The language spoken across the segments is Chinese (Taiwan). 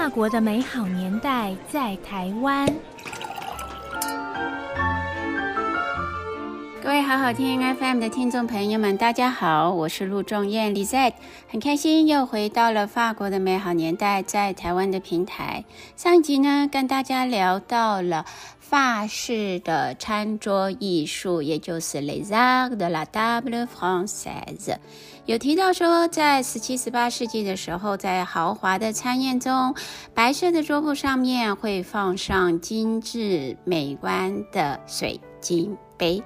大國的美好年代在台灣。各位好好聽 FM 的聽眾朋友們，大家好，我是陸仲燕 Lizette，很開心又回到了法國的美好年代，在台灣的平台。上一集呢，跟大家聊到了法式的餐桌藝術，也就是 Les Arts de la Table Française，有提到說，在十七十八世紀的時候，在豪華的餐宴中，白色的桌布上面會放上精致美觀的水晶杯。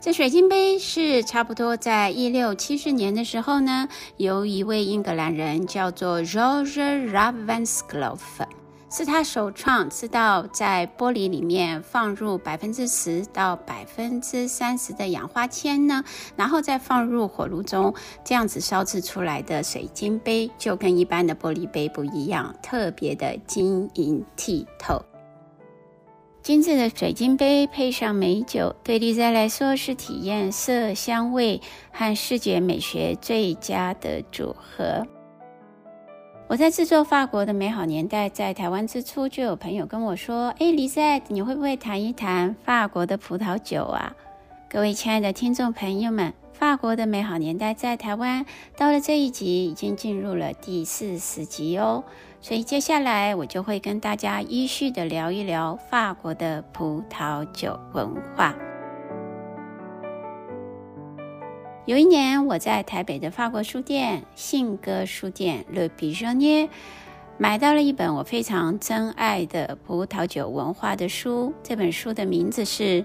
這水晶杯是差不多在一六七0年的時候呢，由一位英格蘭人叫做 Roger Ravenscroft 是他首創，知道在玻璃裡面放入百分之十到百分之三十的氧化鉛呢，然後再放入火爐中，這樣子燒製出來的水晶杯就跟一般的玻璃杯不一樣，特別的晶瑩剔透。精緻的水晶杯配上美酒，對 Lizette 來說是體驗色香味和視覺美學最佳的組合。我在制作法國的美好年代，在台灣之初就有朋友跟我說：“哎，Lizette，你會不會談一談法國的葡萄酒啊？”各位親愛的聽眾朋友們。法國的美好年代在台灣，到了這一集，已經進入了第四十集哦，所以接下來我就會跟大家依序的聊一聊法國的葡萄酒文化。 有一年，我在台北的法國書店信鴿書店 Le Pigeonnier 買到了一本我非常珍愛的葡萄酒文化的書，這本書的名字是。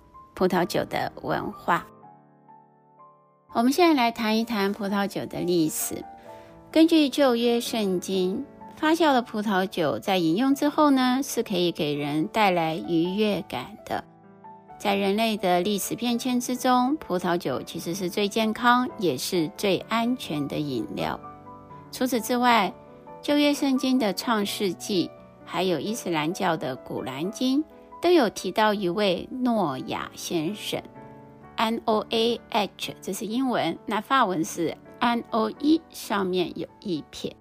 葡萄酒的文化，我們現在來談一談葡萄酒的歷史。根據舊約聖經，發酵的葡萄酒在飲用之後呢，是可以給人帶來愉悅感的。在人類的歷史變遷之中，葡萄酒其實是最健康也是最安全的飲料。除此之外，舊約聖經的創世紀，還有伊斯蘭教的古蘭經。都有提到一位諾亞先生，N O A H，這是英文。那法文是 N O E，上面有一撇。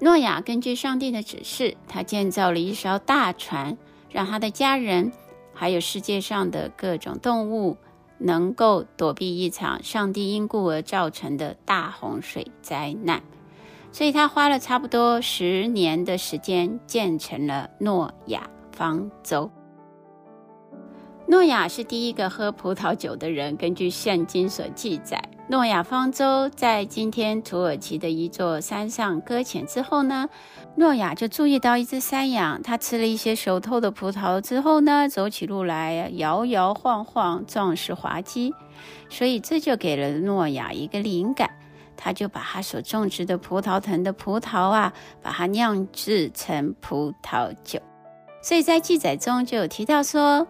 諾亞根據上帝的指示，他建造了一艘大船，讓他的家人還有世界上的各種動物能夠躲避一場上帝因故而造成的大洪水災難。所以，他花了差不多十年的時間建成了諾亞。方舟，諾亞是第一個喝葡萄酒的人。根據聖經所記載，諾亞方舟在今天土耳其的一座山上擱淺之後呢，諾亞就注意到一隻山羊，他吃了一些熟透的葡萄之後呢，走起路來搖搖晃晃，狀似滑稽，所以這就給了諾亞一個靈感，他就把他所種植的葡萄藤的葡萄啊，把它釀製成葡萄酒。所以在記載中就有提到說，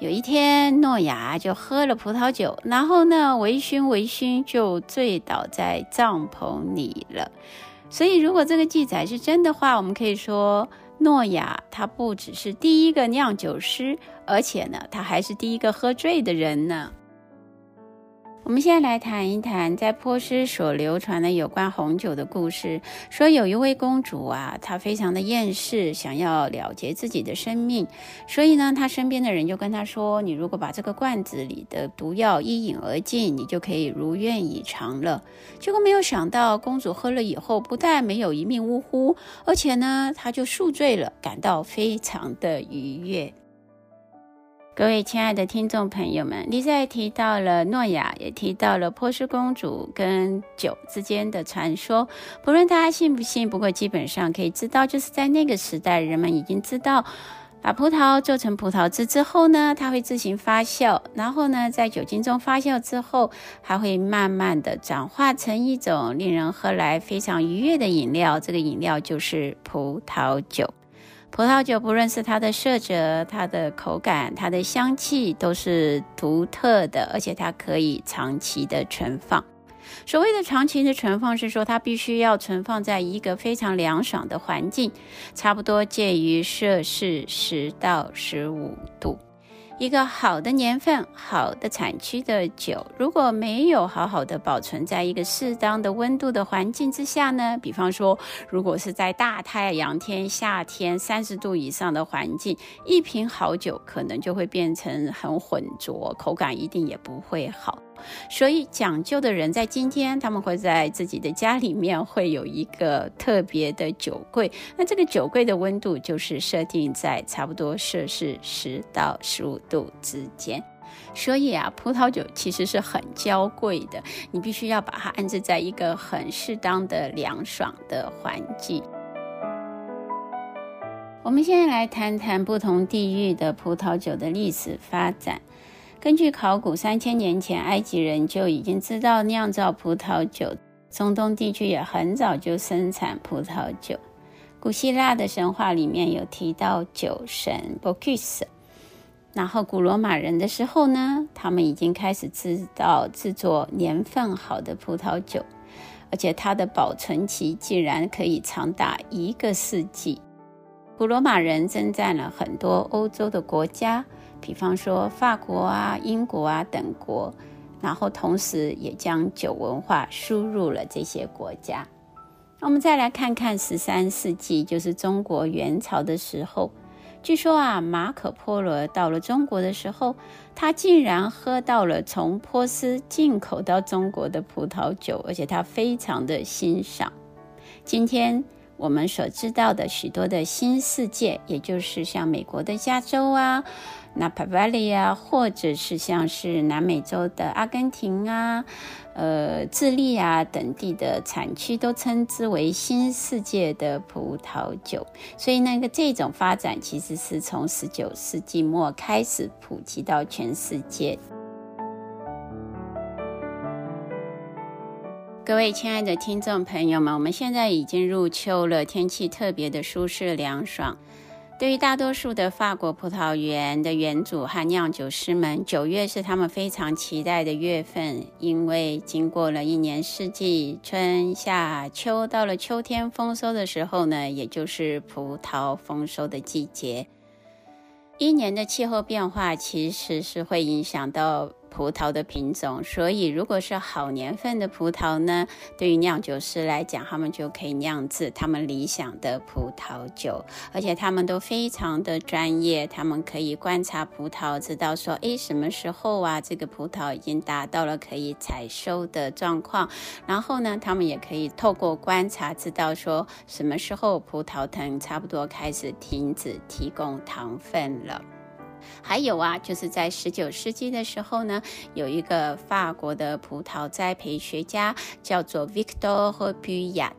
有一天諾亞就喝了葡萄酒，然後呢，微醺微醺就醉倒在帳篷裡了。所以，如果這個記載是真的話，我們可以說，諾亞他不只是第一個釀酒師，而且呢，他還是第一個喝醉的人呢。我們現在來談一談在波斯所流傳的有關紅酒的故事。說有一位公主啊，她非常的厭世，想要了結自己的生命。所以呢，她身邊的人就跟她說：“你如果把這個罐子裡的毒藥一飲而盡，你就可以如願以償了。”結果沒有想到，公主喝了以後，不但沒有一命嗚呼，而且呢，她就宿醉了，感到非常的愉悅。各位親愛的聽眾朋友們，麗莎提到了諾亞，也提到了波斯公主跟酒之間的傳說。不論大家信不信，不過基本上可以知道，就是在那個時代，人們已經知道把葡萄做成葡萄汁之後呢，它會自行發酵，然後呢，在酒精中發酵之後，還會慢慢的轉化成一種令人喝來非常愉悅的飲料，這個飲料就是葡萄酒。葡萄酒不論是它的色澤、它的口感、它的香氣，都是獨特的，而且它可以長期的存放。所謂的長期的存放，是說它必須要存放在一個非常涼爽的環境，差不多介於攝氏十到十五度。一個好的年份、好的產區的酒，如果沒有好好的保存在一個適當的溫度的環境之下呢，比方說，如果是在大太陽天、夏天三十度以上的環境，一瓶好酒可能就會變成很渾濁，口感一定也不會好。所以講究的人在今天，他們會在自己的家裡面會有一個特別的酒櫃。那這個酒櫃的溫度就是設定在差不多攝氏十到十五度之間。所以啊，葡萄酒其實是很嬌貴的，你必須要把它安置在一個很適當的涼爽的環境。我們現在來談談不同地域的葡萄酒的歷史發展。根據考古，三千年前埃及人就已經知道釀造葡萄酒。中東地區也很早就生產葡萄酒。古希臘的神話裡面有提到酒神巴克斯。然後古羅馬人的時候呢，他們已經開始知道制作年份好的葡萄酒，而且它的保存期竟然可以長達一個世紀。古羅馬人征戰了很多歐洲的國家。比方說法國啊、英國啊等國，然後同時也將酒文化輸入了這些國家。那我們再來看看十三世紀，就是中國元朝的時候。據說啊，馬可·波羅到了中國的時候，他竟然喝到了從波斯進口到中國的葡萄酒，而且他非常的欣賞。今天我們所知道的許多的新世界，也就是像美國的加州啊。那帕瓦利亞，或者是像是南美洲的阿根廷啊、呃、智利啊等地的產區，都稱之為新世界的葡萄酒。所以，那個這種發展其實是從十九世紀末開始普及到全世界。各位親愛的聽眾朋友們，我們現在已經入秋了，天氣特別的舒適涼爽。對於大多數的法國葡萄園的園主和釀酒師們，九月是他們非常期待的月份，因為經過了一年四季，春夏秋，到了秋天豐收的時候呢，也就是葡萄豐收的季節。一年的氣候變化其實是會影響到。葡萄的品種，所以如果是好年份的葡萄呢，對於釀酒師來講，他們就可以釀製他們理想的葡萄酒，而且他們都非常的專業，他們可以觀察葡萄，知道說，誒，什麼時候啊，這個葡萄已經達到了可以採收的狀況。然後呢，他們也可以透過觀察，知道說，什麼時候葡萄藤差不多開始停止提供糖分了。還有啊，就是在十九世紀的時候呢，有一個法國的葡萄栽培學家叫做 Victor Pulliat，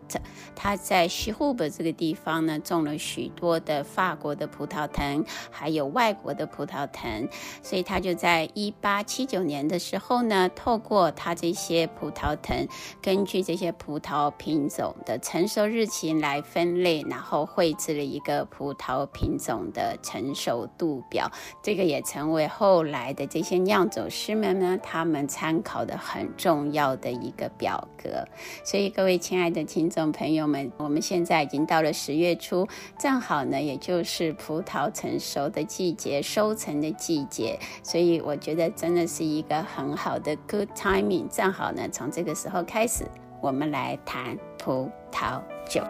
他在 Chiroubles 這個地方呢種了許多的法國的葡萄藤，還有外國的葡萄藤，所以他就在一八七九年的時候呢，透過他這些葡萄藤，根據這些葡萄品種的成熟日期來分類，然後繪制了一個葡萄品種的成熟度表。這個也成為後來的這些釀酒師們呢，他們參考的很重要的一個表格。所以，各位親愛的聽眾朋友們，我們現在已經到了十月初，正好呢，也就是葡萄成熟的季節，收成的季節。所以，我覺得真的是一個很好的 good timing。正好呢，從這個時候開始，我們來談葡萄酒。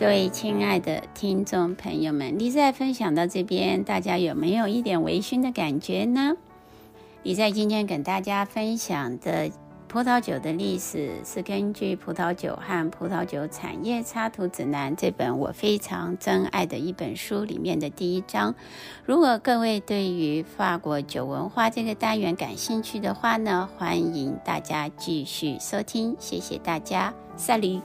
各位親愛的聽眾朋友們，麗莎分享到這邊，大家有沒有一點微醺的感覺呢？麗莎今天跟大家分享的葡萄酒的歷史，是根據《葡萄酒和葡萄酒產業插圖指南》這本我非常珍愛的一本書裡面的第一章。如果各位對於法國酒文化這個單元感興趣的話呢，歡迎大家繼續收聽，謝謝大家，下會。